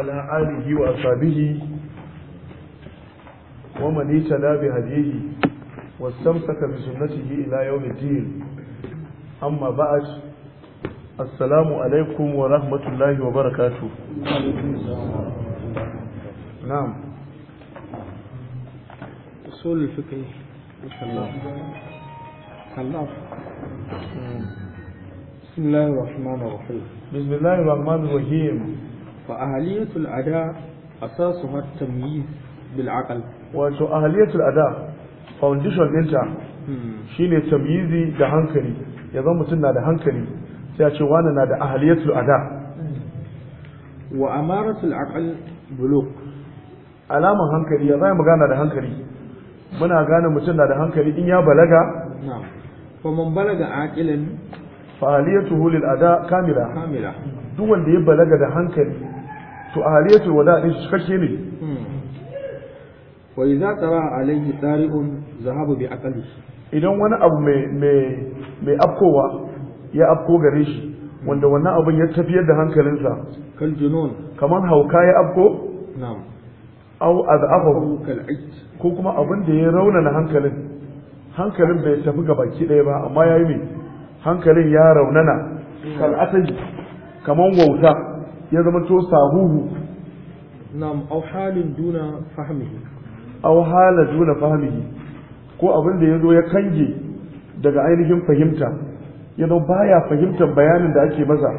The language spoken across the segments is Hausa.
ala alihi wa ashabihi wa man yata bi hadihi wa samsaka bi sunnatihi ila yawm al-din amma ba'd assalamu alaikum wa rahmatullahi wa barakatuh na'am usul fiqh inshallah khallaf بسم الله الرحمن الرحيم بسم الله الرحمن الرحيم ada فأهلية الأداء أساسها التمييز بالعقل wato ahaliyatul ada foundation ɗinta hmm. shine tamyizi da hankali ya zama mutum na da hankali sai a ce wani na da ahaliyatul ada wa amaratul aqal buluk alaman hankali ya zai magana da hankali muna gane mutum na da hankali in ya balaga fa man balaga aqilan fa ahliyatuhu lil ada kamila kamila duk wanda ya balaga da hankali to a wada din shi kake ne wa idza tara alayhi tariqun zahabu bi aqli idan wani abu mai mai mai afkowa ya afko gare shi wanda wannan abun ya tafiyar da hankalinsa kal junun kaman hauka ya afko na'am aw azafahu kal ko kuma abin da ya raunana hankalin hankalin bai tafi ga baki ɗaya ba amma yayi mai hankalin ya raunana kal asali kaman wauta ya zama to sahuhu nam au halin duna au hala duna fahmihi ko abin da zo ya kange daga ainihin fahimta ya zama baya fahimtar bayanin da ake maza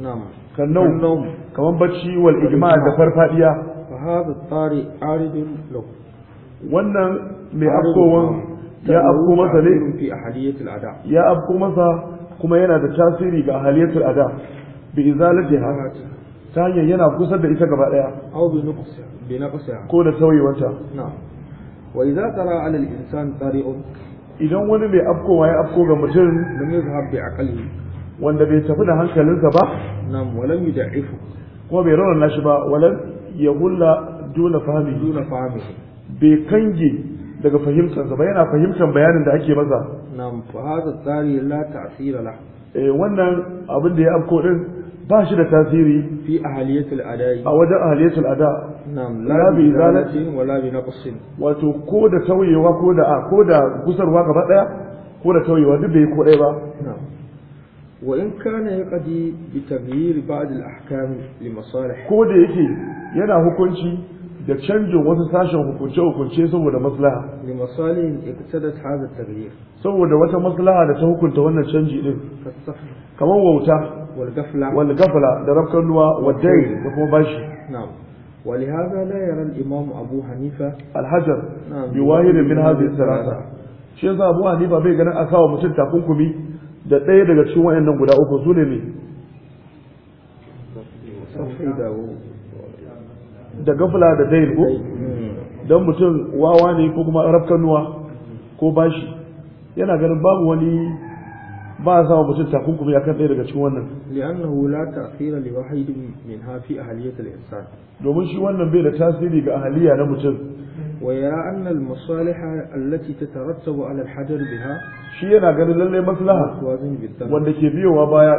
nam kannau kaman bacci wal ijma da farfadiya fa wannan mai afkowan ya afko masa ne ya afko masa kuma yana da tasiri ga ahaliyatul ada bi izalatiha ta hanyar yana kusa da ita gaba daya ko da sauyewarta wa idza tara 'ala al-insan tari'un idan wani mai afkowa ya afko ga mutum lam yadhhab bi aqli wanda bai tafi da hankalinsa ba nam walam yud'ifu kuma bai rawana shi ba walam yahulla duna fahmi duna fahmi bai kange daga fahimtarsa ba yana fahimtar bayanin da ake masa nam fa tsari la la eh wannan abin da ya afko din ba shi da tasiri fi ahaliyatul adai a wajen ahaliyatul ada na'am la bi zalati bi naqsin wato ko da tauyewa ko da ko da gusarwa gaba daya ko da tauyewa duk bai ko dai ba na'am wa in kana yaqdi bi taghyir ba'd al ahkam li masalih ko da yake yana hukunci da canjin wasu sashen hukunce hukunce saboda maslaha li masalih hadha taghyir saboda wata maslaha da ta hukunta wannan canji din kamar wauta والغفلة gafla da ولهذا لا يرى الإمام أبو حنيفة الحجر بواهر من هذه الثلاثة shi أبو abu hanifa bai ganin a sawa mutum takunkumi da ɗaya daga cikin wayannan guda da gafla da dail ko don mutum wawa ne ko kuma rafkanuwa ko bashi yana ganin babu wani ba a sawa mutum takunkumi a kan ɗaya daga cikin wannan wula ta ta'khira li wahid min hafi a ahliyatil insan domin shi wannan bai da tasiri ga ahaliya na mutum wa ya anna al masaliha allati tatarattabu ala al hajar biha shi yana ganin lalle maslaha wanda ke biyowa baya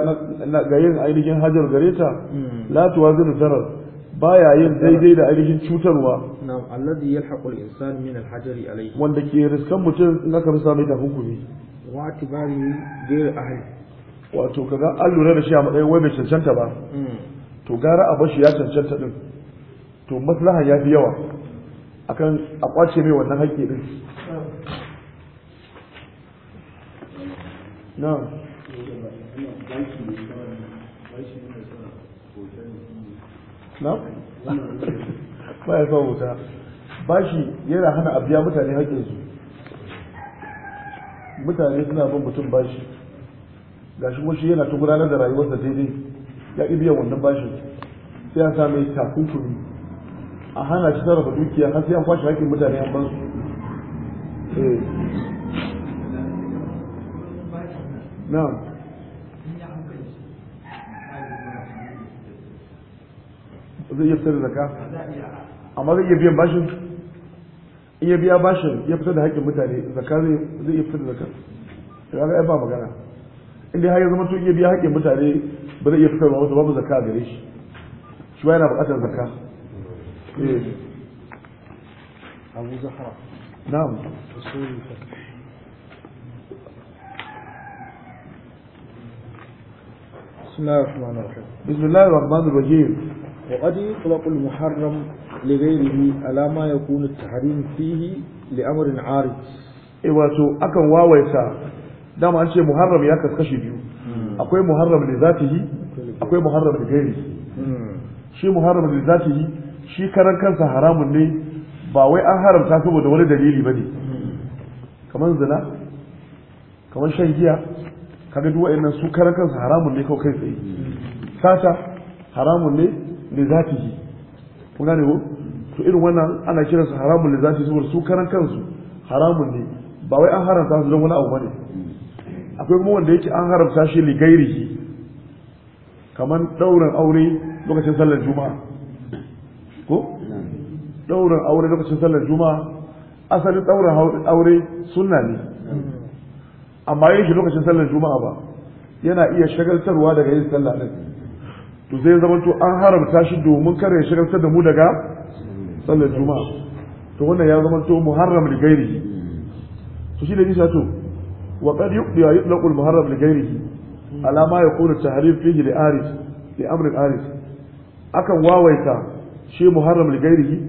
ga yin ainihin hajar gareta hmm. la tuwazinu darar baya yin daidai da ainihin cutarwa na'am alladhi yalhaqu al insan min al hajari alayhi wanda ke riskan mutum in aka rasa mai da hukumi wa tibari gair ahli wato kaga an lura da shi a matsayin wai bai cancanta ba hmm. to gara a bashi ya cancanta din to maslaha ya fi yawa akan a kwace mai wannan haƙƙi din na na ba ya sa wuta bashi yana hana a biya mutane haƙƙinsu mutane suna bin mutum bashi gashi kuma shi yana ta gudanar da rayuwarsa daidai ya ibi biyan wannan bashin sai an sa takunkumi a hana shi sarrafa dukiya har sai an kwashe hakkin mutane an ban su eh. na'am zai iya fitar da zaka amma zai iya biyan bashin in ya biya bashin ya fitar da haƙƙin mutane zakka zai iya fitar da zakka ya ga ba magana in dai har ya zama to iya biya haƙƙin mutane ba zai iya fitar wasu babu zakka gare shi shi ba yana buƙatar zakka eh Abu Zahra na'am بسم الله الرحمن الرحيم بسم الله الرحمن الرحيم وقد يطلق المحرم لغيره على ما يكون التحريم فيه لأمر عارض eh wato akan wawaita dama an ce muharram ya kaskashi biyu akwai muharram da zatihi akwai muharram da gairi shi muharram da zatihi shi karan haramun ne ba wai an haramta saboda wani dalili bane kamar zina kamar shan giya kaga duk wa'annan su karan kansa haramun ne kawai kai tsaye sata haramun ne li zatihi kun gane ko to irin wannan ana kiran su haramun li zatihi saboda su karan kansu haramun ne ba wai an haramta su don wani abu bane akwai kuma wanda yake an haramta shi li gairihi kamar daurin aure lokacin sallar juma'a ko daurin aure lokacin sallar juma'a asalin daurin aure sunna ne amma yake shi lokacin sallar juma'a ba yana iya shagaltarwa daga yin sallah ɗin to sai zamanto an haramta shi domin kare ya shigar da mu daga sallar juma'a to wannan ya zamanto muharram li ghairihi to shi da bisa to wa qad yuqdi yutlaqu al muharram li ghairihi ala ma yaqulu tahrim fihi li aris li amr al aris akan wawaita shi muharram li ghairihi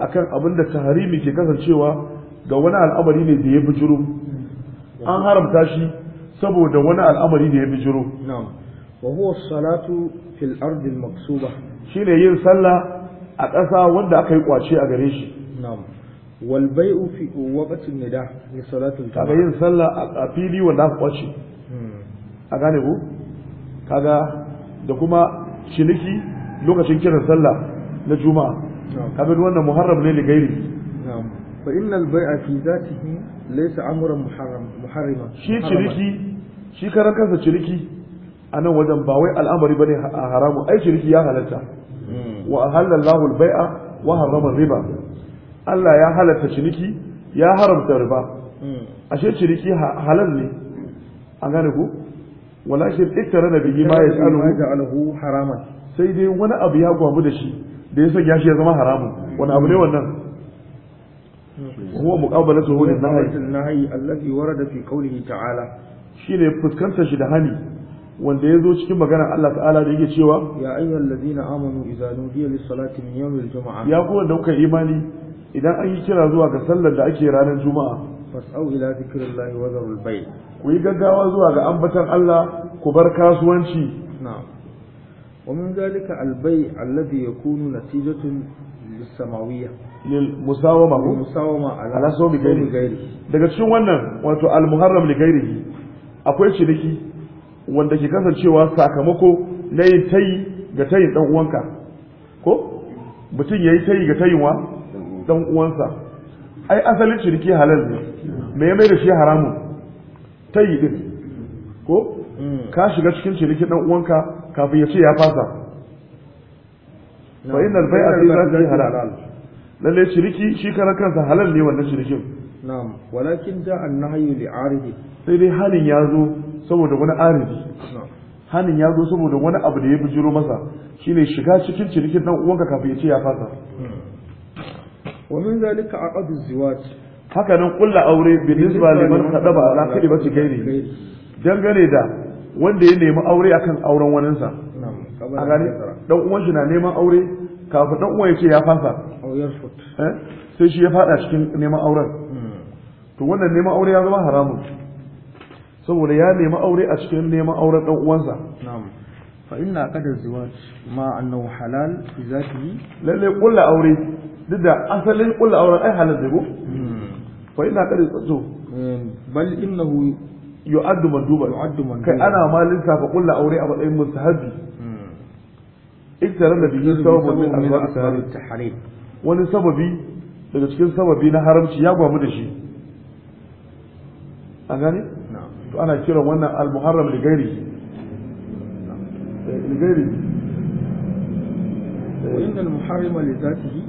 akan abinda tahrimi ke kasancewa ga wani al'amari ne da ya bijiro an haramta shi saboda wani al'amari da ya bijiro na'am wa salatu fil ardi al maksuba shine yin sallah a ƙasa wanda aka yi kwace a gare shi na'am wal bai'u fi waqtin nida ni salatul kaga yin sallah a fili wanda aka kwace hmm. a gane ku kaga da kuma ciniki lokacin kiran sallah na juma'a kaga wannan muharram ne ligairi na'am fa innal shi ciniki shi ciniki a nan wajen ba wai al'amari bane a haramu ai shirki ya halatta hmm. wa ahalla Allahu al-bai'a wa harrama riba Allah ya halatta ciniki ya haramta riba hmm. ashe ciniki halal ne an gane ku walakin iktara da bihi ma yas'aluhu haraman sai dai wani abu ya gwabu da shi da ya shi ya zama haramun wani abu ne hmm. wannan huwa muqabalatu lin nahyi allazi warada fi qawlihi ta'ala shine fuskantar shi da hani wanda ya zo cikin maganar Allah ta'ala da yake cewa ya ayyuhal ladina amanu idza nudiya lis salati min yawmil jumu'ah ya ku wanda kuka imani idan an yi kira zuwa ga sallar da ake ranar juma'a fas'au ila zikrillahi wa dharul bay' ku yi gaggawa zuwa ga ambatan Allah ku bar kasuwanci na'am wa min zalika al bay' alladhi yakunu natijatun lis samawiyya lil musawama ko musawama ala sawmi gairi daga cikin wannan wato al muharram li gairihi akwai ciniki wanda ke kasancewa sakamako na yin tayi ga tayin dan uwanka ko mutum yayi tayi ga tayin wa dan uwansa ai asalin ciniki halal ne me ya mai da shi haramun tayi din ko ka shiga cikin ciniki dan uwanka kafin ya ce ya fasa fa innal bai'a fi zati halal lalle ciniki shi karan kansa halal ne wannan cinikin na'am walakin da annahyu li'aridi sai dai halin ya zo saboda wani arabi hannun ya zo saboda wani abu da ya bijiro masa shine shiga cikin cinikin dan uwanka kafin ya ce ya fasa wa min zalika aqd az-ziwaj haka nan kullu aure bi nisba liman kadaba ala kadibati gairi dangane da wanda ya nemi aure akan auren waninsa a gani dan uwan shi na neman aure kafin dan uwan ya ce ya fasa eh? sai shi ya fada cikin neman auren hmm. to wannan neman aure ya zama haramun saboda ya nemi aure a cikin neman auren dan uwansa na'am fa inna qad zawaj ma annahu halal fi zatihi lalle kullu aure duk da asalin kullu auren ai halal ne ko hmm. fa inna qad to eh, bal innahu yu'addu manduba yu'addu manduba kai ana ma lissafa kullu aure a matsayin mustahabi hmm. iktaran da bihi sababun min asbab at-tahrim wani sababi daga cikin sababi na haramci ya gwamu da shi an gane to ana kiran wannan al-muharram li gairi eh, li gairi eh. wa inna al-muharrama li zatihi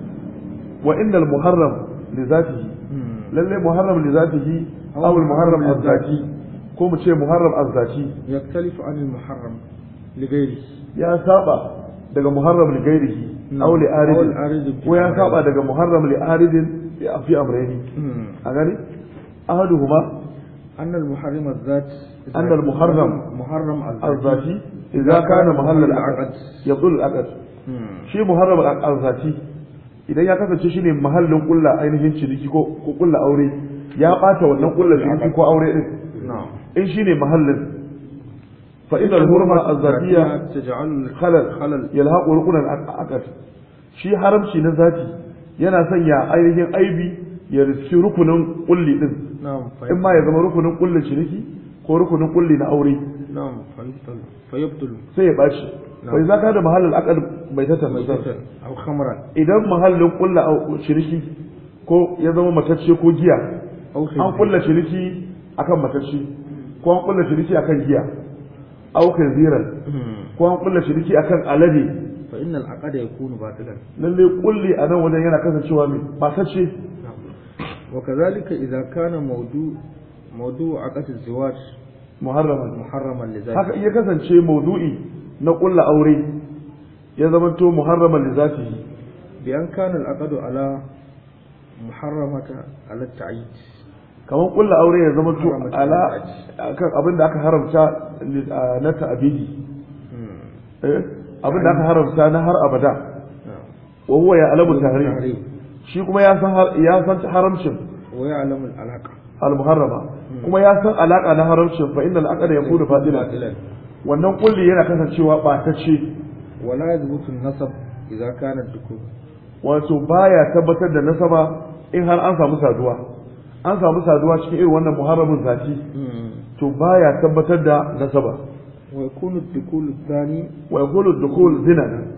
wa inna al-muharram li zatihi hmm. lalle muharram li zatihi muharram az ko mu ce muharram az-zati yaktalifu an al-muharram li ya saba daga muharram li gairihi hmm. aw li arid ko ya saba daga muharram li arid fi amrayni hmm. a gani ahaduhuma أن المحرم الذات أن المحرم محرم الذاتي إذا كان محل العقد يبطل العقد شيء محرم الذاتي idan ya kasance shi ne mahallin kulla ainihin ciniki ko kulla aure ya bata wannan kulla ciniki ko aure din in shi ne mahallin fa inna hurma az-zatiyya taj'al khalal yalhaqu rukun al shi haramci na zati yana sanya ainihin aibi ya riski rukunin kulli din in ma ya zama rukunin kullin ciniki ko rukunin kulli na aure sai ya ɓaci wai za ka da mahallin akal bai tattar idan mahallin kulla ciniki ko ya zama matacce ko giya an kulla ciniki akan matacce ko an kulla ciniki akan giya aukin ziran ko an kulla ciniki akan alade fa innal aqada yakunu batilan wajen yana kasancewa mai matacce وكذلك إذا كان موضوع موضوع عقد الزواج محرما محرما لذاته kasance maudu'i na kulla aure ya zamanto muharraman lizatihi bi an kana al-aqd ala muharramata ala ta'id kaman kulla aure ya zamanto ala kan aka haramta na ta'abidi eh aka haramta na har abada wa huwa ya shi kuma ya san haramcin wa hmm. kuma ya san alaka na haramcin fa inna al-aqda yakunu fadila wannan kulli yana kasancewa batacce wala baya tabbatar da nasaba in har an samu saduwa an samu saduwa cikin irin wannan muharramin zati hmm. to baya tabbatar da nasaba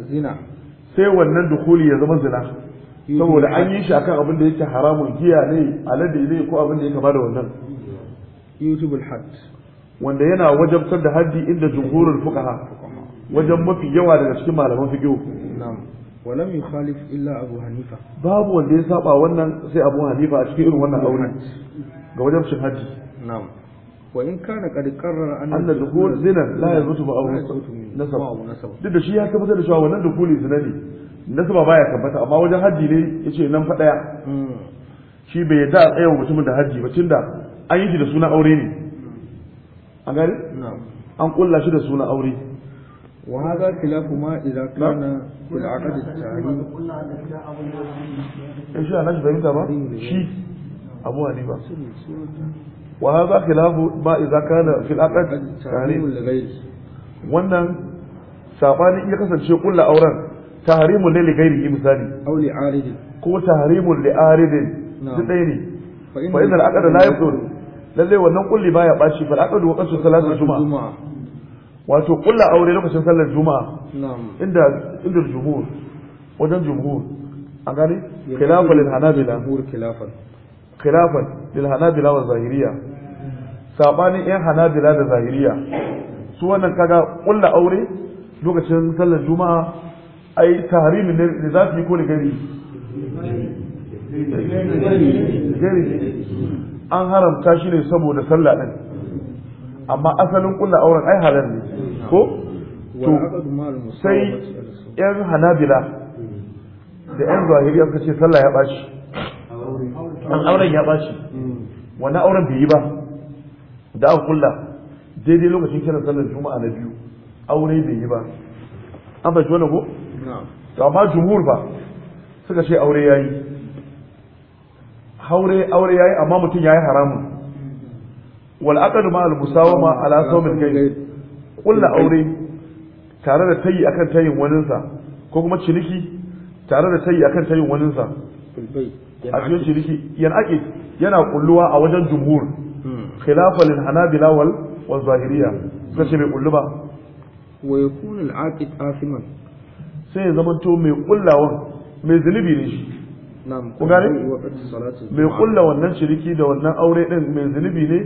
zina sai wannan dukuli ya zama zina saboda an yi shi akan abin da yake haramun giya ne alade ne ko abin da ya bada da wannan al hadd wanda yana wajabtar da haddi inda jumhurul fuqaha wajen mafi yawa daga cikin malaman fiqh na'am lam yukhalif illa abu hanifa babu wanda ya saba wannan sai abu hanifa a cikin irin wannan aure ga wajabcin haddi na'am wa in kana qad qarrara anna anna dukhul zina la yazutu ba'u nasab duk da shi ya tabbatar da cewa wannan dukhuli zina ne nasaba baya tabbata amma wajen haji ne ce nan faɗaya shi bai yadda a tsayawa mutumin da haji ba tunda an yi shi da suna aure ne an gani an kulla shi da suna aure wa hadha kilafuma idza kana fil aqd at-tahrim eh, shi ana shi fahimta ba shi abu hanifa wa hadha khilafu ma idza kana fil aqd at-tahrim wannan sabanin ya kasance kulla auren tahrimun ne ligairi misali auli aridin ko tahrimun li aridin duk ɗaya ne fa inna al-aqd la yabdur lalle wannan kulli baya baci fa al-aqd wa qasu salatul juma'a wato kulla aure lokacin sallar juma'a inda inda jumhur wajen yan hanabila da zahiriya su wannan kaga ƙulla aure lokacin sallar juma'a ai tahrimin ne za su yi ko da gari gari an haramta shi ne saboda sallah ɗin amma asalin kulla auren ai halar ne ko to sai yan hanabila da yan zahiriya an ce sallah ya bashi. an auren ya bashi. wani auren bai yi ba da aka kulla daidai lokacin kiran sallar juma'a na biyu aure bai yi ba an fahimci wani ko to amma jumhur ba suka ce aure yayi haure aure yayi amma mutum yayi haramun wal aqd ma al musawama ala sawmin kai kullu aure tare da tayi akan tayin waninsa ko kuma ciniki tare da tayi akan tayin waninsa a cikin ciniki yan ake yana kulluwa a wajen jumhur hmm. khilafa lil hanabila wal wal zahiriya kace bai kullu ba wa yakunu al aqd asiman sai ya zama to mai kullawan mai zunubi ne shi ku gane mai kulla wannan ciniki da wannan aure din mai zunubi ne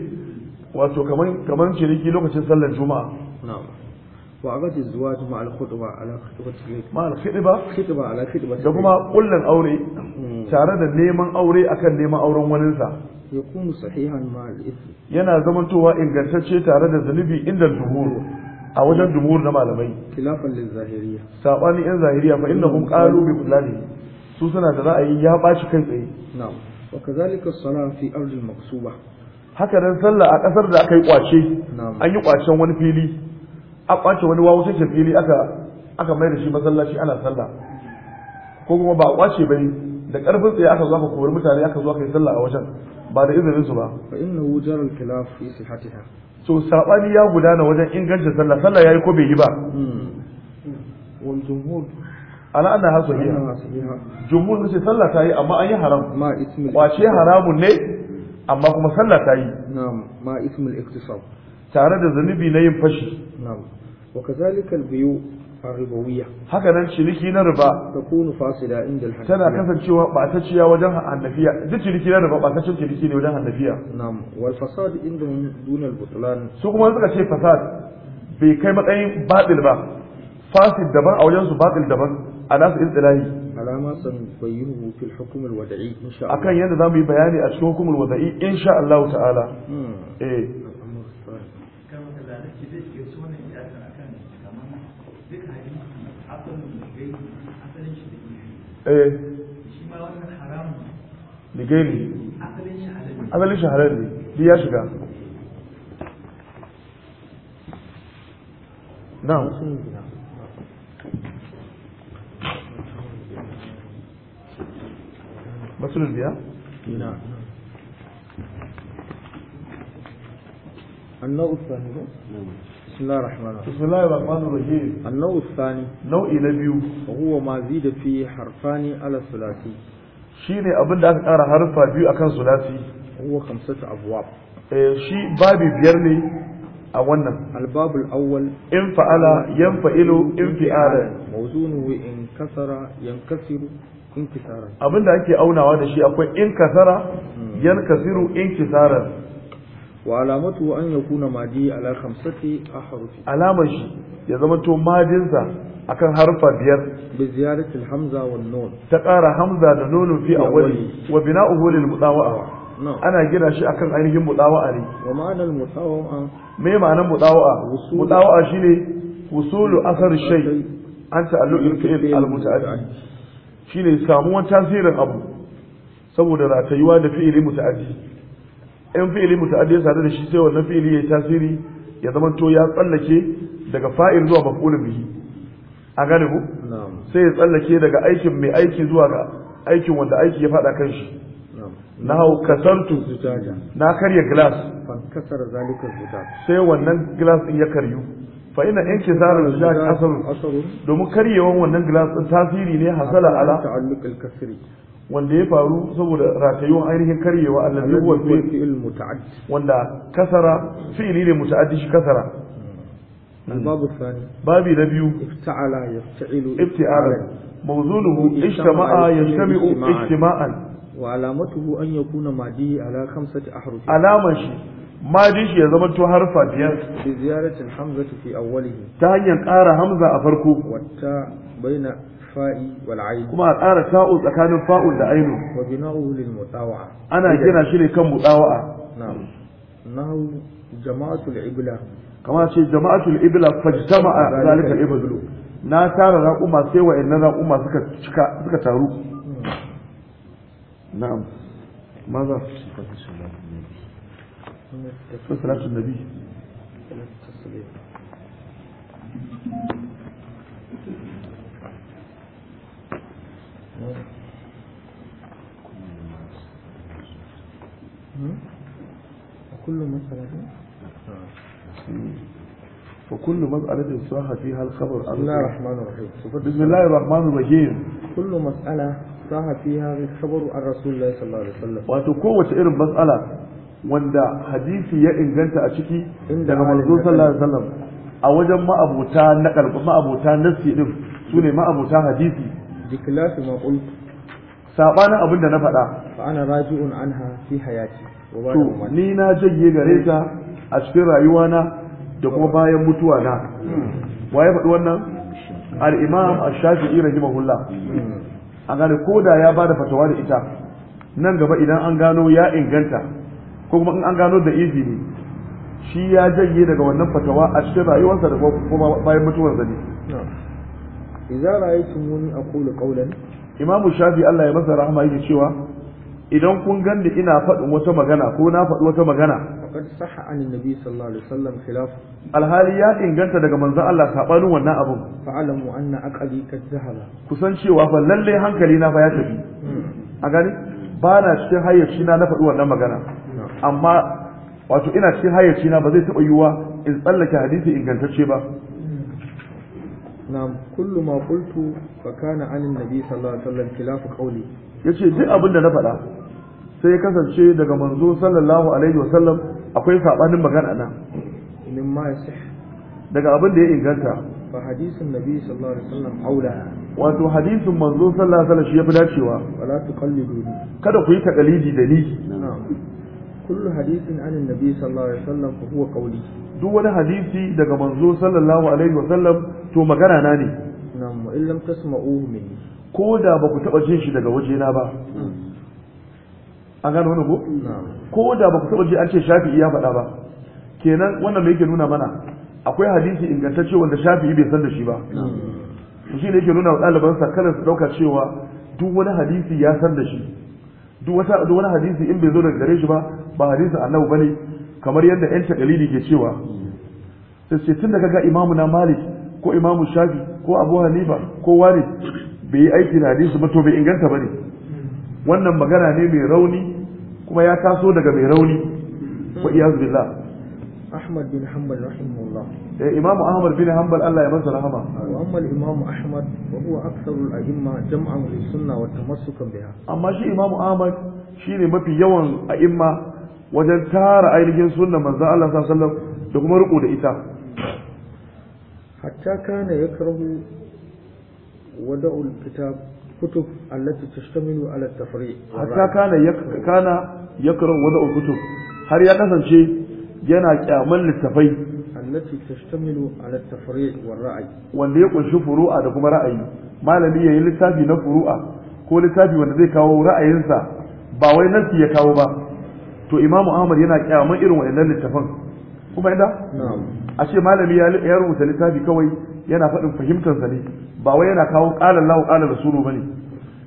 wato kaman kaman ciniki lokacin sallar juma'a wa agati zuwaj ma al khutba ala khutbati ma al khutba khutba ala khutbati da kuma kullan aure mm. tare da neman aure akan neman auren wanin sa yakunu sahihan ma al yana zamantowa ingantacce tare da zunubi inda zuhuru a wajen jumhur na malamai khilafan lil zahiriya sabani yan zahiriya fa innahum qalu bi fulani su suna da ra'ayi ya baci kai tsaye na'am wa kazalika salam fi ardi maksuba haka dan sallah a kasar da aka yi kwace an yi kwacen wani fili a kwace wani wawo sai fili aka aka mai da shi masallaci ana sallah ko kuma ba kwace bane da karfin tsaye aka zo aka kori mutane aka zo aka yi sallah a wajen ba da izinin su ba fa innahu jaral khilaf fi sihhatiha so sabani ya gudana wajen inganta sallah sallah yayi ko bai yi ba wal jumhur ala anna ha sahiha jumhur ne sallah ta yi amma an yi haram ma ismi kwace haramun ne amma kuma sallah ta yi na'am ma ismi iktisab tare da zanubi na yin fashi na'am wa kazalika al-biyu ribawiya haka ciniki na riba tana kasancewa ba wajen annabiya duk ciniki na riba ba ciniki ne wajen annabiya su kuma suka ce fasad bai kai matsayin batil ba fasid daban a wajen su daban alas ilahi alama san bayyinu fil hukm alwad'i insha Allah zamu yi bayani a cikin hukm alwad'i insha Allah ta'ala hmm. eh. ايه ليجي لي اقل ايش حلال لي دي اشجع نعم بس نعم النغط فهمت نعم بسم الله الرحمن الرحيم بسم الله الرحمن الرحيم النوع الثاني نوع نبيو وهو ما زيد فيه حرفان على الثلاثي shine abin da aka ƙara harfa biyu akan sulati huwa khamsatu abwab eh shi babi biyar ne a wannan albab al-awwal in fa'ala yanfa'ilu in fi'ala mawzunuhu in kasara yankasiru inkisara abinda ake aunawa da shi akwai in kasara hmm. yankasiru inkisara wa alamatu an yakuna madi ala khamsati ahrufi alamar shi ya zama to madinsa akan harfa biyar bi ziyarati alhamza ta ƙara hamza da nunun a awwali wa bina'uhu lil mudawa'a ana gina shi akan ainihin ne wa ma'anar mudawa'a me ma'anar mudawa'a mudawa'a shine wusulu asar shay an ta'alluq tasirin abu saboda ratayuwa da fi'ili muta'addi in fi'ili muta'addi ya sadu da shi sai wannan fi'ili yayi tasiri ya zama to ya tsallake daga fa'il zuwa maf'ul bihi a gane ku sai ya tsallake daga aikin mai aiki zuwa ga aikin wanda aiki ya fada kan shi na hau kasartu na karya glass sai wannan glass din ya karyu fa ina in ke zara da shi asaru domin karyewan wannan glass ɗin tasiri ne hasala ala wanda ya faru saboda ratayuwan ainihin karyewa allazi huwa fi'il wanda kasara fi'ili ne muta'addi shi kasara الباب الثاني باب نبيو افتعل يفتعل افتعالا موزونه اجتمع يجتمع اجتماعا وعلامته أن يكون معدي على خمسة أحرف علامة shi. madin shi ya zama to harfa biyar bi ziyaratin hamzatu fi awwalihi ta hanyar ƙara hamza a farko wata baina fa'i wal ayn kuma a ƙara ta'u tsakanin fa'u da ainu wa bina'u lil mutawa'a ana gina shi ne kan mutawa'a na'am nahu jama'atul ibla kama ce jama'atul ibla fajtama'a zalika iblu na tara raƙuma sai wa'annan raƙuma suka cika suka taru hmm. na'am maza su fata صلاة النبي وكل مسألة وكل مسألة صاح فيها الخبر بسم الله الرحمن الرحيم بسم الله الرحمن الرحيم كل مسألة صاح فيها الخبر عن رسول الله صلى الله عليه وسلم وتكون إرم مسألة wanda hadisi ya inganta a ciki daga manzo sallallahu alaihi wasallam a wajen ma'abuta na kalbu ma'abuta nassi din su ne ma'abuta hadisi diklasu ma qultu sabanin abin da na faɗa fa ana raji'un anha fi hayati to ni na janye gare ta a cikin rayuwana da kuma bayan mutuwa na waye faɗi wannan al-imam ash-shafi'i rahimahullah hmm. a gane ko da ya bada fatawa da ita nan gaba idan an gano ya inganta ko kuma in an gano da izini ne shi ya janye daga wannan fatawa a cikin rayuwarsa da kuma bayan mutuwar zane wani a kula qawlan imamu shafi Allah ya masa rahama yake cewa idan kun ganni ina faɗin wata magana ko na faɗi wata magana faqad saha anin nabi sallallahu alaihi wasallam khilaf alhali ya inganta daga manzon Allah saɓanin wannan abun fa'alamu anna aqli kad zahala kusan cewa fa lalle hankali na fa ya tafi hmm. a gani ba na cikin shi na na faɗi wannan magana amma wato ina cikin hayyaci na ba zai taɓa yiwuwa in tsallake hadisi ingantacce ba Na kullu ma kultu fa kana anin nabi sallallahu alaihi wasallam khilafu qawli yace duk abin da na faɗa sai ya kasance daga manzo sallallahu alaihi wasallam akwai sabanin magana nan min ma yasih daga abin da ya inganta fa hadisin nabi sallallahu alaihi wasallam aula wato hadisin manzo sallallahu alaihi wasallam shi fi dacewa wala tuqallidu kada ku yi takalidi da ni na'am kullu hadisin an annabi sallallahu alaihi wasallam fa huwa qawli duk wani hadisi daga manzo sallallahu alaihi wasallam to magana na ne na'am wa illam tasma'u min ko da ba ku taba jin shi daga wajena ba hmm. an gano wannan ko ko da ba ku taba ji an ce shafi'i ya faɗa ba kenan wannan me yake nuna mana akwai hadisi ingantacce wanda shafi'i bai san da shi ba shi ne yake nuna wa ɗalibansa kada su ɗauka cewa duk wani hadisi ya san da shi duk wata duk wani hadisi in bai zo daga gare shi ba ba hadisin annabi bane kamar yadda yan dalili ke cewa sai ce tun da kaga imamu na malik ko imamu shafi ko abu hanifa ko wani bai yi aiki da hadisi ba to bai inganta bane wannan magana ne mai rauni kuma ya taso daga mai rauni wa iyazu billah Ahmad bin Hanbal rahimahullah. Eh, Ahmad bin Hanbal Allah ya masa rahama. Wa amma Imam Ahmad wa huwa aktsarul a'imma jam'an li sunnah wa tamassukan biha. Amma shi Imam Ahmad shine mafi yawan a'imma wajen tara ainihin sunnah Maza Allah sallallahu da kuma riko da ita. Hatta kana yakrahu wada'ul kitab kutub allati tashtamilu ala at-tafri. Hatta kana yakrahu wada'ul kutub har ya kasance yana kyaman littafai allati tashtamilu ala tafriq wa ra'yi wanda ya kunshi furu'a da kuma ra'ayi malami yayi littafi na furu'a ko littafi wanda zai kawo ra'ayinsa ba wai nasi ya kawo ba to imamu ahmad yana kyaman irin waɗannan littafan kuma inda ashe malami ya rubuta littafi kawai yana faɗin fahimtarsa ne ba wai yana kawo ƙala Allah ƙala rasulu bane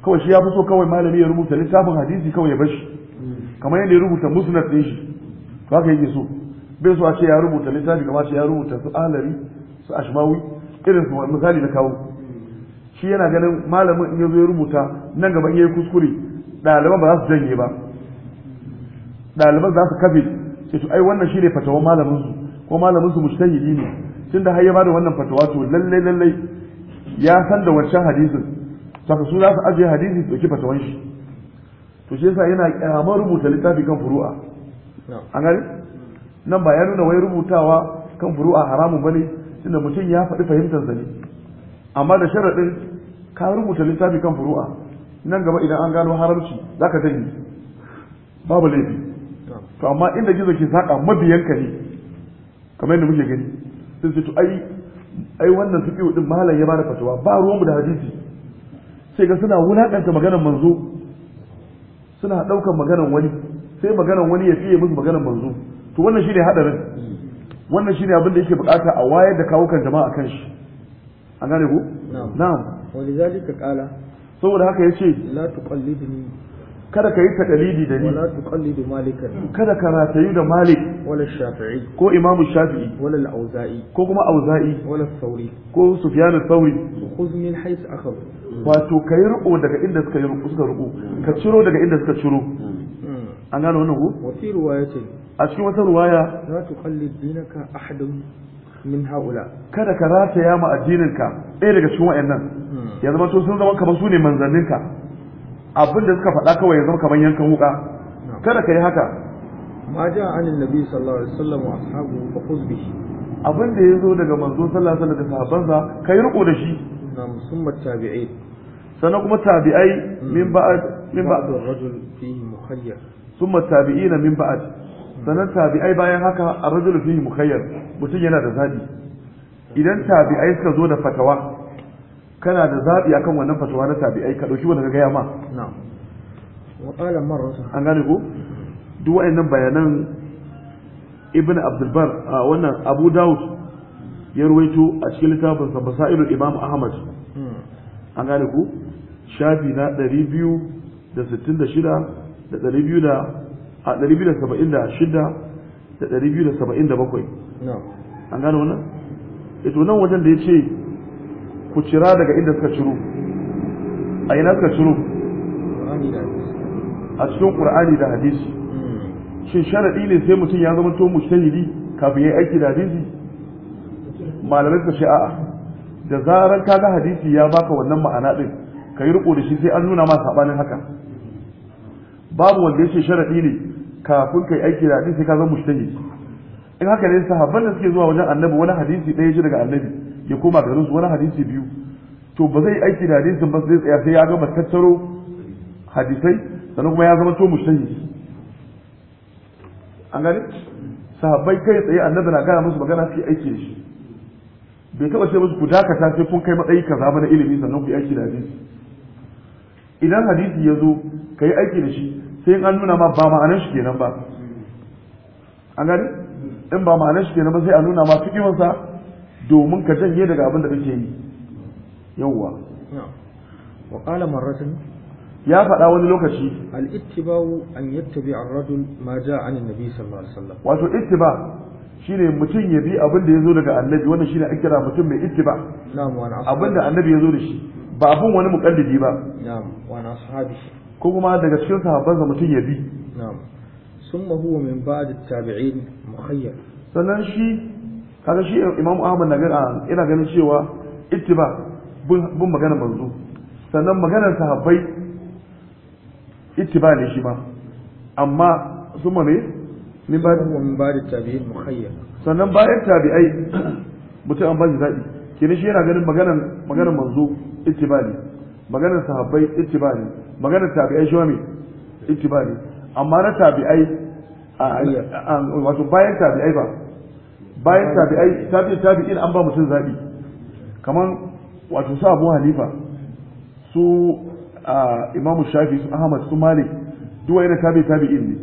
kawai shi ya fi so kawai malami ya rubuta littafin hadisi kawai ya bashi hmm. kamar yadda ya rubuta musnad ɗin shi to haka yake so bai su a ce ya rubuta littafi kamar ce ya rubuta su alari su ashmawi irin su misali na kawo shi yana ganin malamin in ya zo ya rubuta nan gaba ya yi kuskure ɗaliban ba za su janye ba ɗaliban za su kafe ce to ai wannan shi ne fatawa malamin su ko malamin su mujtahidi ne tunda har ya bada wannan fatawa to lalle lalle ya san da wancan hadisin saka su za su ajiye hadisi su ki fatawan shi to shi yasa yana kyamar rubuta littafi kan furu'a an gani nan ba ya nuna wai rubutawa kan furu'a haramun bane tunda mutum ya faɗi fahimtar sa ne amma da sharaɗin ka rubuta littafi kan furu'a nan gaba idan an gano haramci za zaka danyi babu laifi to amma inda gizo ke saka ka ne kamar yadda muke gani sun ce to ai ai wannan fiqh din malam ya bada fatuwa ba ruwanmu da hadisi sai ga suna wulaƙanta maganar manzo suna ɗaukar maganar wani sai maganar wani ya fiye musu maganar manzo to wannan shine hadarin wannan shine abin da yake bukata a wayar da kawukan jama'a kan shi an gane ku na'am wa lidhalika qala saboda haka yace la tuqallidni kada ka yi taqalidi da ni wala tuqallidu malikan kada ka ratayu da malik wala shafi'i ko imamu shafi'i wala al-auza'i ko kuma auza'i wala sauri ko sufyan al-thawri khudh min hayth akhadh wato ka yi riko daga inda suka yi riko suka riko ka ciro daga inda suka ciro an gano wannan ko wa fi ce. a cikin wata riwaya la tuqallid dinaka ahadun min haula kada ka rataya ma addininka ɗaya daga cikin wayannan hmm. ya zama to sun zama kamar su ne manzanninka abin da suka faɗa kawai ya zama kamar yankan wuka kada ka yi haka ma ja anin nabi sallallahu alaihi wasallam wa ashabu fa khudh bihi abin da yazo daga manzo sallallahu alaihi wasallam da sahabbansa kai riko da shi na musamman tabi'ai sannan kuma tabi'ai hmm. min ba'd min ba'd ar-rajul fihi mukhayyar summa tabi'ina min ba'd Sannan tabi'ai bayan haka ar-rajulu fihi mukhayyar mutum yana da zaɓi. idan tabi'ai suka zo da fatawa kana da zabi akan wannan fatawa na tabi'ai ka dauki wanda ka gaya ma na'am wa an gane ko duk wayannan bayanan ibn Abdulbar a wannan abu daud ya ruwaito a cikin littafin sa basairul imam ahmad hmm. an gane ko shafi na 266 da ɗari biyu da a ɗari biyu da saba'in da shida da ɗari biyu da saba'in da bakwai an wannan ito eh, nan wajen da ya ce ku cira daga inda suka ciro a ina suka ciro a cikin ƙur'ani da hadisi hmm. shin sharaɗi ne sai mutum ya zama to mujtahidi kafin ya yi aiki da hadisi malamai suka a'a da zarar ka ga hadisi ya baka wannan ma'ana ɗin ka yi riko da shi sai an nuna ma sabanin haka babu wanda yake sharadi ne kafin kai aiki da hadisi ka zama mushtahi in haka ne sahabban da suke zuwa wajen annabi wani hadisi ɗaya shi daga annabi ya koma garin su wani hadisi biyu to ba zai aiki da hadisin ba zai tsaya sai ya gama tattaro hadisai sannan kuma ya zama to mushtahi an gani? sahabbai kai tsaye annabi na gaya musu magana sai aiki da shi bai taba ce musu ku dakata sai kun kai matsayi kaza ba na ilimi sannan ku yi aiki da hadisi idan hadisi ya zo ka yi aiki da shi sai an nuna ma ba ma'anar shi kenan ba an gani in ba ma'anar shi kenan ba sai a nuna ma fikimansa domin ka janye daga abin da kake yi yawwa wa qala marratan ya faɗa wani lokaci al-ittiba'u an yattabi ar-rajul ma ja'a an nabi sallallahu alaihi wasallam wato ittiba shine mutum ya bi abin da ya zo daga annabi wannan shine an kira mutum mai ittiba na'am wa abin da annabi ya zo da shi ba abun wani muƙallidi ba ko kuma daga cikin sahabbansa mutum ya bi ثم هو من بعد tabi'in mukhayyar sannan shi kaga shi imamu ahmad nagar a ina ganin cewa ittiba bin magana manzo sannan maganar sahabbai ittiba ne shi ma amma sun ne min ba min ba da tabi'in mukhayyar sannan bayan tabi'ai mutum an ba shi zabi kenan shi yana ganin maganar maganar manzo ittibari maganar sahabbai ittibari maganar tabi'ai shi mai ittibani amma na tabi'ai wato bayan tabi'ai ba bayan tabi'ai tabi tabi'in an ba mutum zaɓi. Kamar wato su Abu halifa su imamu Shafi su Ahmad su mali duk wani tabi tabi'in ne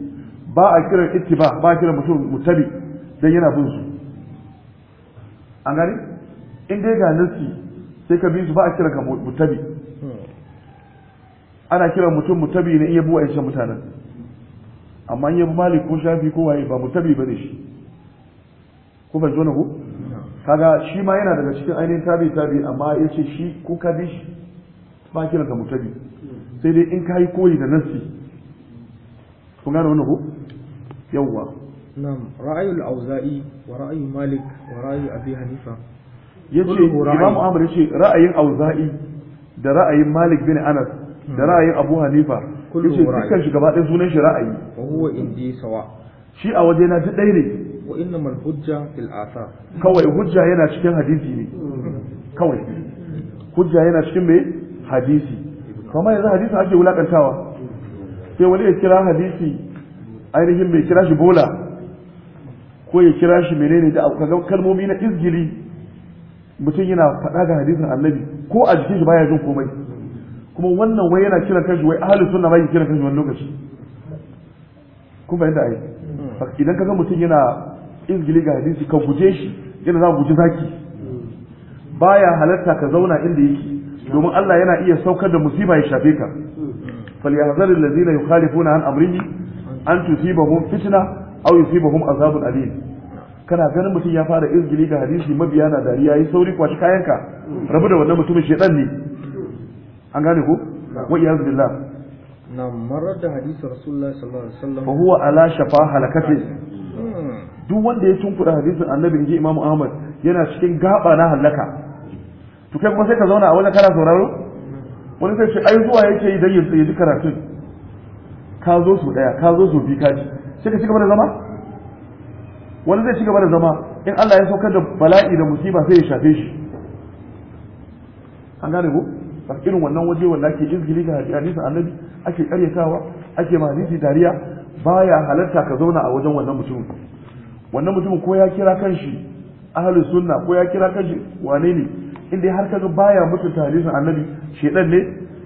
ba a kiran ittiba ba a kiran mutum mutabi don yana bin su an gani in dai ga nasi sai ka bi su ba a kira ka mutabi ana kira mutum mutabi ne iya buwa yashe mutanen amma iya bu malik ko shafi ko waye ba mutabi ba ne shi ko ban jona ku kaga shi ma yana daga cikin ainihin tabi tabi amma ya ce shi ko ka bi shi ba kira ka mutabi sai dai in ka yi koyi da nassi ku gane wannan ko yawwa نعم رأي الأوزائي ورأي مالك ورأي أبي حنيفة yace Imam Ahmad yace ra'ayin Auza'i da ra'ayin Malik bin Anas da hmm. ra'ayin Abu Hanifa yace dukkan shi gaba ɗaya sunan shi ra'ayi wa huwa indi sawa shi a waje na duk ɗaya ne wa innamal hujja fil athar kawai hujja yana cikin hadisi ne hmm. kawai hujja yana cikin me hadisi kuma yanzu hadisi ake wulakantawa sai wani ya kira hadisi ainihin mai kira shi bola ko ya kira shi menene da kaga kalmomi na izgili mutum yana faɗa ga hadisin annabi ko a jikin shi baya jin komai kuma wannan wai yana kiran kanshi wai ahli sunna ba yake kiran kanshi wani lokaci kun bayyana ai hmm. idan ka ga mutum yana izgili ga hadisi ka guje shi yana za guji zaki baya halarta ka zauna inda yake domin Allah yana iya saukar da musiba ya shafe ka فليحذر hmm. الذين yukhalifuna an amrihi an tusibahum fitna aw yusibahum azabun اليم kana ganin mutum ya fara izgili ga hadisi mabiya na dariya yi sauri kwashi kayanka rabu da wannan mutumin shedan ne an gane ku. wa iyaz billah na marar da hadisi rasulullah sallallahu alaihi wasallam fa huwa ala shafa halakati hmm. duk wanda ya tunkuda hadisin annabi inji imamu ahmad yana cikin gaba na halaka to kai kuma sai ka zauna a wani kana sauraro wani sai ce ai zuwa yake yi dan ya ji karatun ka zo su daya ka zo su bi ka ci sai ka cigaba da zama wani zai ci gaba da zama in Allah ya saukar da bala'i da musiba sai ya shafe shi an gane ko ba irin wannan waje wanda ake izgili ga hadisi annabi ake karyatawa ake ma hadisi dariya baya halarta ka zauna a wajen wannan mutumin wannan mutumin ko ya kira kanshi ahli sunna ko ya kira kanshi wane ne inda har kaga baya mutunta hadisin annabi shedan ne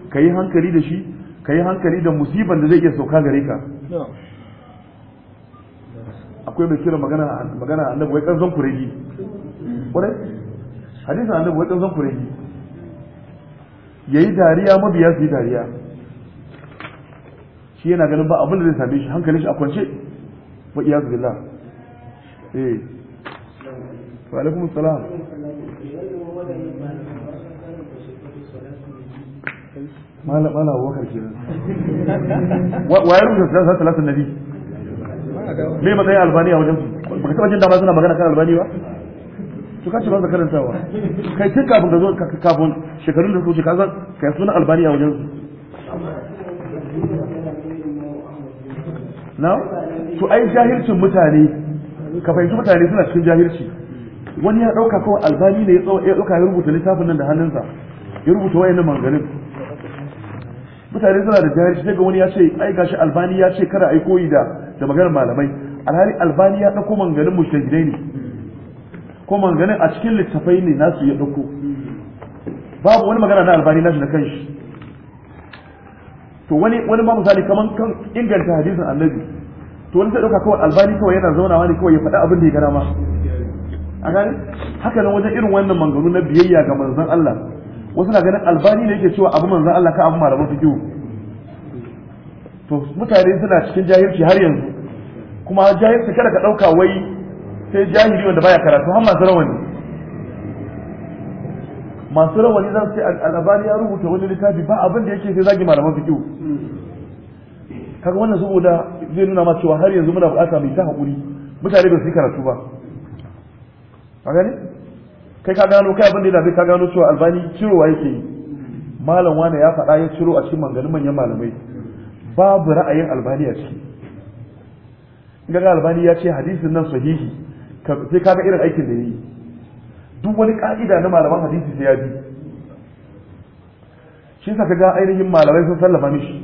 kayi hankali da shi kayi hankali da musiban da zai iya sauka gare ka akwai mai kira magana magana annabi wai kanzon kuregi kore hadisi annabi wai kanzon kuregi yayi dariya mabiya su yi dariya shi yana ganin ba abin da zai same shi hankalin shi a kwance wa iya su billah eh wa alaikum salam mala mala wa ya rubuta salatu nabi me matsayin albani a wajen su baka taba jin ba suna magana kan albani ba to kace ba karantawa kai tun kafin ka zo kafin shekarun da suke kaza kai suna albani a wajen su na to ai jahilcin mutane ka fahimci mutane suna cikin jahilci wani ya dauka kawai albani ne ya dauka ya rubuta littafin nan da hannunsa ya rubuta wayannan manganin mutane suna da jahilci ga wani ya ce ai gashi albani ya ce kada ai koyi da da maganar malamai alhali albani ya ɗauko manganin mushtahidai ne ko manganin a cikin littafai ne nasu ya ɗauko babu wani magana na albani nasu na kanshi to wani wani ma misali kaman kan inganta hadisin annabi to wani zai ɗauka kawai albani kawai yana zaunawa ne kawai ya faɗi abin da ya gana ma a gani haka nan wajen irin wannan manganu na biyayya ga manzon Allah wasu na ganin albani ne yake cewa abu manzon Allah ka abu malaman fikihu to mutane suna cikin jahilci har yanzu kuma jahilci kada ka ɗauka wai sai jahili wanda baya karatu har masu rawani masu rawani zan sai al'abari ya rubuta wani littafi ba abin da yake sai zagi malaman fiƙi kaga wannan saboda zai nuna ma cewa har yanzu muna buƙata mai ta haƙuri mutane ba su yi karatu ba ka gani kai ka gano kai abin da ya ka gano cewa albani cirowa yake yi malam wane ya faɗa ya ciro a cikin manganin manyan malamai babu ra'ayin albani a ciki ga albani ya ce hadisin nan sahihi sai kaga irin aikin da yi duk wani ka'ida na malaman hadisi sai ya bi shi sa ga ainihin malamai sun sallama mishi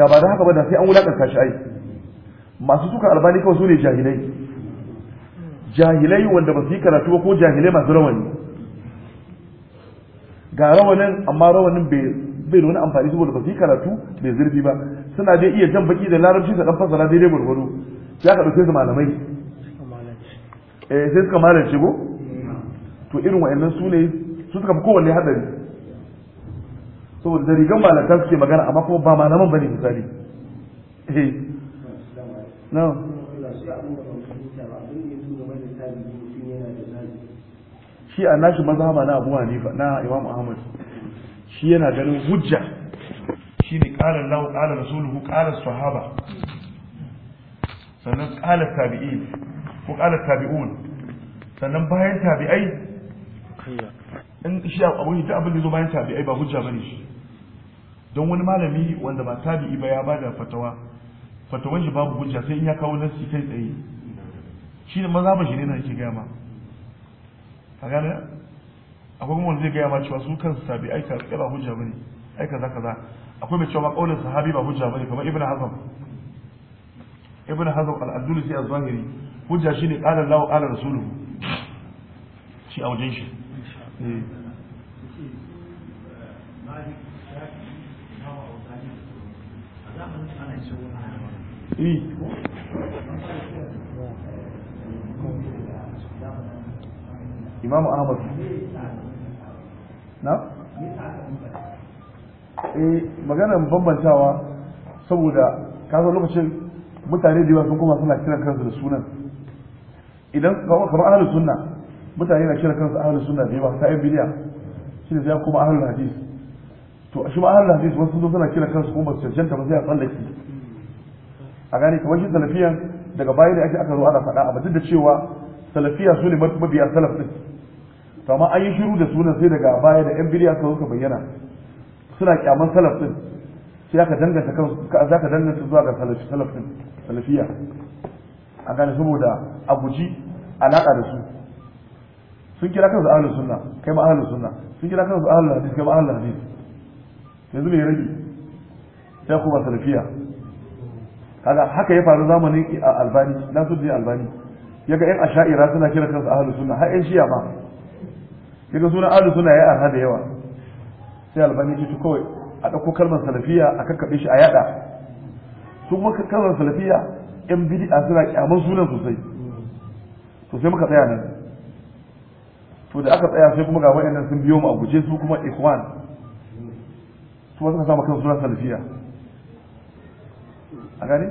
da ba da haka ba da sai an wulakanta shi ai masu suka albani kawai su ne jahilai jahilai wanda ba su yi karatu ba ko jahilai masu rawani ga rawanin amma rawanin bai da wani amfani saboda ba su yi karatu bai zurfi ba suna dai iya jan baki da larabci da dan fasara daidai gurgudu ya ka dauke su malamai eh sai suka malance go to irin wa'annan su ne su suka fi kowanne hadari saboda da rigan malanta suke magana amma kuma ba malaman bane misali eh Na. shi a nashi mazhaba na Abu Hanifa na Imam Ahmad shi yana ganin hujja shine qala Allah qala rasuluhu qala sahaba sannan qala tabi'in ko qala tabi'un sannan bayan tabi'ai in shi abu ta abin da zo bayan tabi'ai ba hujja bane shi don wani malami wanda ba tabi'i ba ya bada fatawa fatawan shi babu hujja sai in ya kawo nasi kai tsaye shi ne maza ba shi ne na yake gaya ma a gane akwai kuma wanda zai gaya ma cewa su kansu tabi'ai ka ba hujja bane ai kaza kaza akwai mai cewa kaulin sahabi ba hujja bane kamar ibnu hazm ibnu hazm al-andalusi az-zahiri hujja shine qala Allah qala rasuluhu shi a wajen shi eh. Eh. Imam Ahmad. Na? eh maganar bambantawa saboda kasan lokacin mutane da yawa sun kuma suna kiran kansu da sunan idan kamar ahlus sunna mutane na kiran kansu ahlus sunna da yawa ta yan bidiya shi ne zai kuma ahlul hadis to shi ma ahlul hadis wasu sun suna kiran kansu kuma su cancanta ba sai a tsallaki a gane kamar shi salafiyan daga baya da ake aka zo ana faɗa amma duk da cewa salafiya su ne mabiya salaf din to amma an yi shiru da sunan sai daga baya da yan zo suka bayyana suna kyaman salaf din sai aka danganta kansu za ka danganta zuwa ga salaf din salafiya a gane saboda a guji alaka da su sun kira kansu ahlus sunna kai ma ahlus sunna sun kira kansu ahlul hadis kai ma ahlul hadis yanzu me rage sai kuma salafiya kaga haka ya faru zamanin albani na su nasuddin albani yaga yan asha'ira suna kira kansu ahlus sunna har yan shiya ma kaga sunan ahlus sunna yayi arha da yawa sai albani ce to kawai a ɗauko kalmar salafiya a kakkaɓe shi a yaɗa su kuma kalmar salafiya yan bid'a suna kyaman sunan sosai to sai muka tsaya nan to da aka tsaya sai kuma ga wayannan sun biyo mu a guje su kuma ikhwan su ma suka sa kan sunan salafiya a gani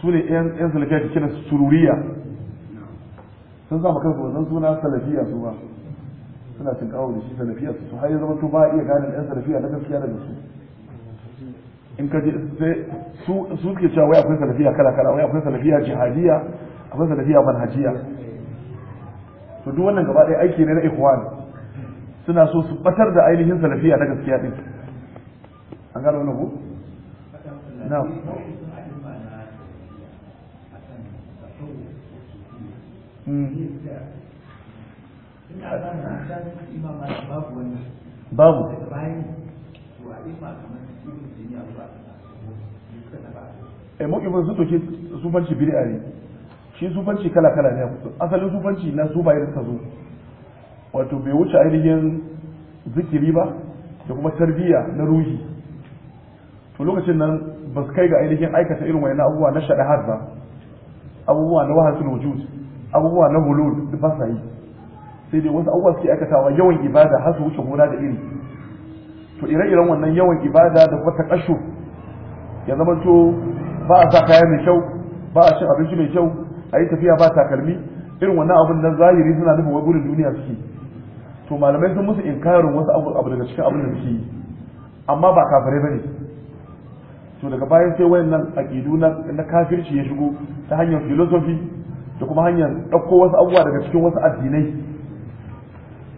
su ne yan salafiya ke kiran sururiya sun sa maka sunan salafiya su ba suna cin kawo da shi salafiyar su har ya zama to ba iya gane ɗan salafiya na gaskiya daga su in ka sai su su ke cewa wai akwai salafiya kala kala wai akwai salafiya jihadiya akwai salafiya manhajiya to duk wannan gaba ɗaya aiki ne na ikhwan suna so su batar da ainihin salafiya na gaskiya din an gano wannan ko na'am Mm. babu ba eh, mu ibn su doke sufanci bid'a ne shi sufanci kala kala ne asalin sufanci na su bayan ka zo wato bai wuce ainihin zikiri ba da kuma tarbiyya na ruhi to lokacin nan ba su kai ga ainihin aikata irin wayannan abubuwa na shadahar ba abubuwa na wahasul wujud abubuwa na hulul ba sa yi sai dai wasu abubuwa suke aikatawa yawan ibada har su wuce gona da iri to ire-iren wannan yawan ibada da kuma kasho ya zama to ba a sa kaya mai kyau ba a cin abinci mai kyau a yi tafiya ba takalmi irin wannan abun nan zahiri suna nufin wai gurin duniya suke to malamai sun musu inkarin wasu abu daga cikin abin da suke yi amma ba kafirai bane to daga bayan sai wayannan aqidu na kafirci ya shigo ta hanyar filosofi da kuma hanyar ɗauko wasu abubuwa daga cikin wasu addinai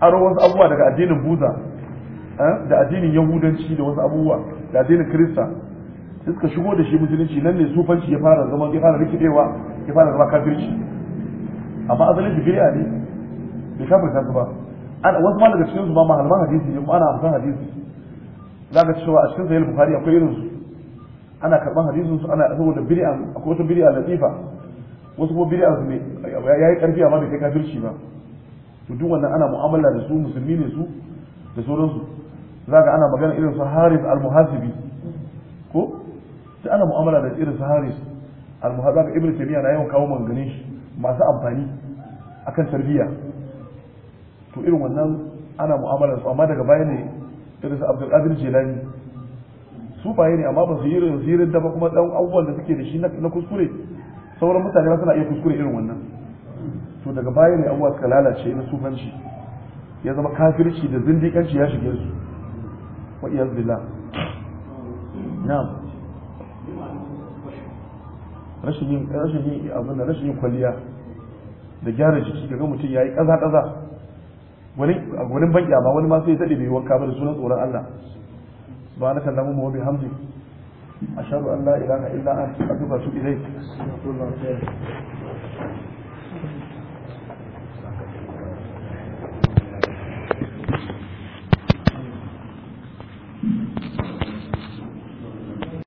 aro wasu abubuwa daga addinin buza eh, da addinin yahudanci da wasu abubuwa da addinin kirista suka shigo da shi musulunci nan ne sufanci ya fara zama ya fara rikidewa ya fara zama kafirci amma asalin shi ne bai kafin ta ba an wasu ma daga cikin su ma halman hadisi ne kuma ana amsan hadisi zaka cewa a cikin sahih bukhari akwai irin su ana karban hadisin su ana saboda bid'a akwai wata bid'a latifa wasu kuma bid'a su ne yayi karfi amma bai kai kafirci ba to duk wannan ana mu'amala da su musulmi ne su da sauransu za ga ana magana irin su haris al-muhasibi ko sai ana mu'amala da irin su haris al-muhasibi ga ibnu taymiya na yawan kawo mangane shi masu amfani akan tarbiyya to irin wannan ana mu'amala su amma daga baya ne irin su abdul qadir jilani su baye ne amma ba su yi irin zirin da ba kuma dan abubuwan da suke da shi na kuskure sauran mutane suna iya kuskure irin wannan to daga baya ne abubuwa suka lalace na sufanci ya zama kafirci da zindikanci ya shige su wa iyaz billah na rashin yin rashin abin da rashin yin kwaliya da gyara jiki daga mutum ya yi kaza wani a gurin ban kyama wani ma sai ya da yiwuwar wanka da sunan tsoron Allah Ba subhanaka allahumma wa bihamdik ashhadu an la ilaha illa an a wa su ilai